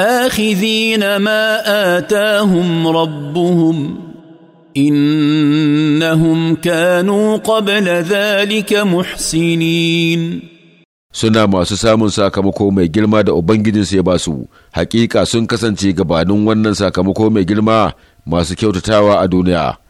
آخذين ما آتاهم ربهم إنهم كانوا قبل ذلك محسنين suna masu samun sakamako mai girma da Ubangijinsu ya basu, hakika sun kasance gabanin wannan sakamako mai girma masu kyautatawa a duniya.